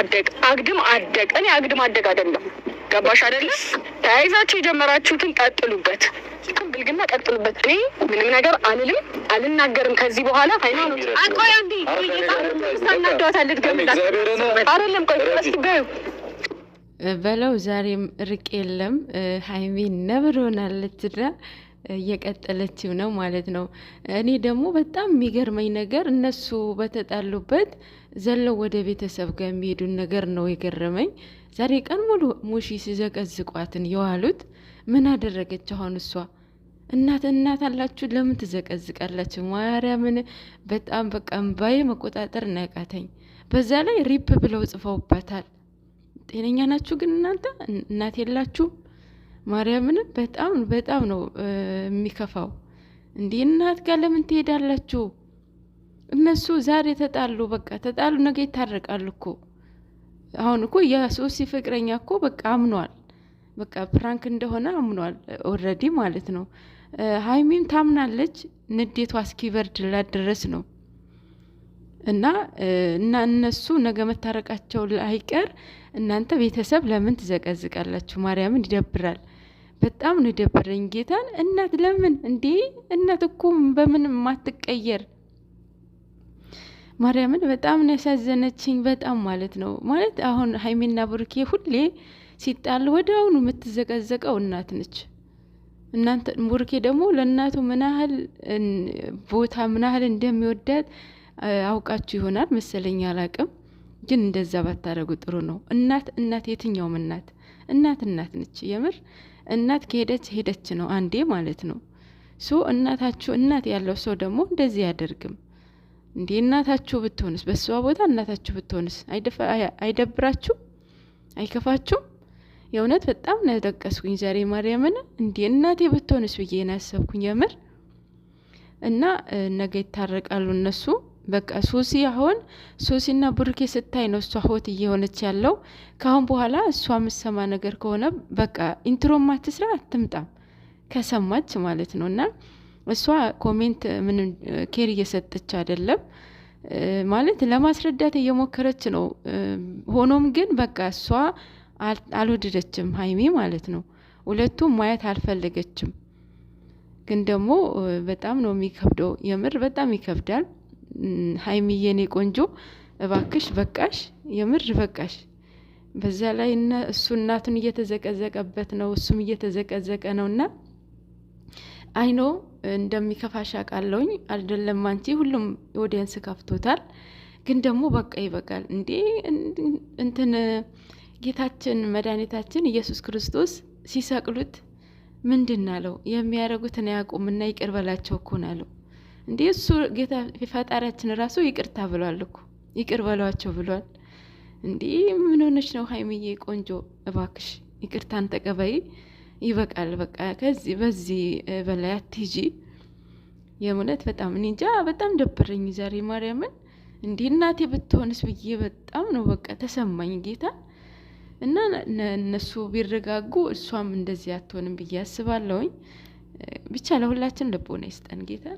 አደግ አግድም አደግ እኔ አግድም አደግ አይደለም። ገባሽ አይደለም? ተያይዛችሁ የጀመራችሁትን ቀጥሉበት፣ ብልግና ቀጥሉበት። እኔ ምንም ነገር አልልም አልናገርም ከዚህ በኋላ ሃይማኖት አቆይ አንዴ አይደለም ቆይ በለው ዛሬም ርቅ የለም። ሀይሜ ነብር እየቀጠለችም ነው ማለት ነው። እኔ ደግሞ በጣም የሚገርመኝ ነገር እነሱ በተጣሉበት ዘለው ወደ ቤተሰብ ጋር የሚሄዱን ነገር ነው የገረመኝ። ዛሬ ቀን ሙሉ ሙሺ ሲዘቀዝቋትን የዋሉት ምን አደረገች አሁን እሷ? እናት እናት አላችሁ ለምን ትዘቀዝቃላችሁ? ማርያምን በጣም በቃ እምባዬ መቆጣጠር ናያቃተኝ። በዛ ላይ ሪፕ ብለው ጽፈውባታል። ጤነኛ ናችሁ ግን እናንተ እናት የላችሁ ማርያምንም በጣም በጣም ነው የሚከፋው። እንዲህ እናት ጋር ለምን ትሄዳላችሁ? እነሱ ዛሬ ተጣሉ፣ በቃ ተጣሉ፣ ነገ ይታረቃሉ እኮ። አሁን እኮ የሶሲ ፍቅረኛ እኮ በቃ አምኗል፣ በቃ ፕራንክ እንደሆነ አምኗል ኦልሬዲ ማለት ነው። ሀይሚም ታምናለች። ንዴቷ እስኪበርድላት ድረስ ነው እና እና እነሱ ነገ መታረቃቸው አይቀር እናንተ ቤተሰብ ለምን ትዘቀዝቃላችሁ? ማርያምን ይደብራል። በጣም ነው የደበረኝ ጌታን። እናት ለምን እንዴ? እናት እኮ በምን ማትቀየር ማርያምን በጣም ነው ያሳዘነችኝ። በጣም ማለት ነው ማለት አሁን ሀይሜና ብሩኬ ሁሌ ሲጣል ወደ አሁኑ የምትዘቀዘቀው እናት ነች። እናንተ ቡርኬ ደግሞ ለእናቱ ምናህል ቦታ ምናህል እንደሚወዳት አውቃችሁ ይሆናል መሰለኝ አላቅም። ግን እንደዛ ባታደረጉ ጥሩ ነው። እናት እናት የትኛውም እናት እናት እናት ነች። የምር እናት ከሄደች ሄደች ነው አንዴ ማለት ነው። ሶ እናታችሁ እናት ያለው ሰው ደግሞ እንደዚህ አያደርግም እንዴ። እናታችሁ ብትሆንስ በእሷ ቦታ እናታችሁ ብትሆንስ አይደብራችሁ? አይከፋችሁም? የእውነት በጣም ነው ያለቀስኩኝ ዛሬ ማርያምን። እንዴ እናቴ ብትሆንስ ብዬ ነው ያሰብኩኝ የምር እና ነገ ይታረቃሉ እነሱ በቃ ሶሲ አሁን ሶሲና ብሩኬ ስታይ ነው እሷ ሆት እየሆነች ያለው። ከአሁን በኋላ እሷ የምትሰማ ነገር ከሆነ በቃ ኢንትሮም አትስራ አትምጣም፣ ከሰማች ማለት ነው። እና እሷ ኮሜንት ምንም ኬር እየሰጠች አይደለም ማለት ለማስረዳት እየሞከረች ነው። ሆኖም ግን በቃ እሷ አልወደደችም ሀይሚ ማለት ነው። ሁለቱም ማየት አልፈለገችም። ግን ደግሞ በጣም ነው የሚከብደው፣ የምር በጣም ይከብዳል። ሀይሚዬኔ ቆንጆ እባክሽ በቃሽ፣ የምር በቃሽ። በዛ ላይ እሱ እናቱን እየተዘቀዘቀበት ነው፣ እሱም እየተዘቀዘቀ ነው እና አይኖ እንደሚከፋሽ አውቃለሁኝ። አይደለም አንቺ ሁሉም ኦዲየንስ ከፍቶታል፣ ግን ደግሞ በቃ ይበቃል እንዴ! እንትን ጌታችን መድኃኒታችን ኢየሱስ ክርስቶስ ሲሰቅሉት ምንድን አለው? የሚያደርጉትን ያቁምና ይቅር በላቸው እኮ ነው ያለው። እንዴ እሱ ጌታ ፈጣሪያችን ራሱ ይቅርታ ብሏል እኮ ይቅር በሏቸው ብሏል። እንዴ ምን ሆነች ነው ሀይምዬ ቆንጆ፣ እባክሽ ይቅርታን ተቀበይ፣ ይበቃል። በቃ ከዚህ በዚህ በላይ አትሂጂ። የእውነት በጣም እኔ እንጃ በጣም ደበረኝ ዛሬ ማርያምን። እንዲህ እናቴ ብትሆንስ ብዬ በጣም ነው በቃ ተሰማኝ ጌታ እና እነሱ ቢረጋጉ እሷም እንደዚህ አትሆንም ብዬ አስባለሁኝ። ብቻ ለሁላችን ልቦና ይስጠን ጌታ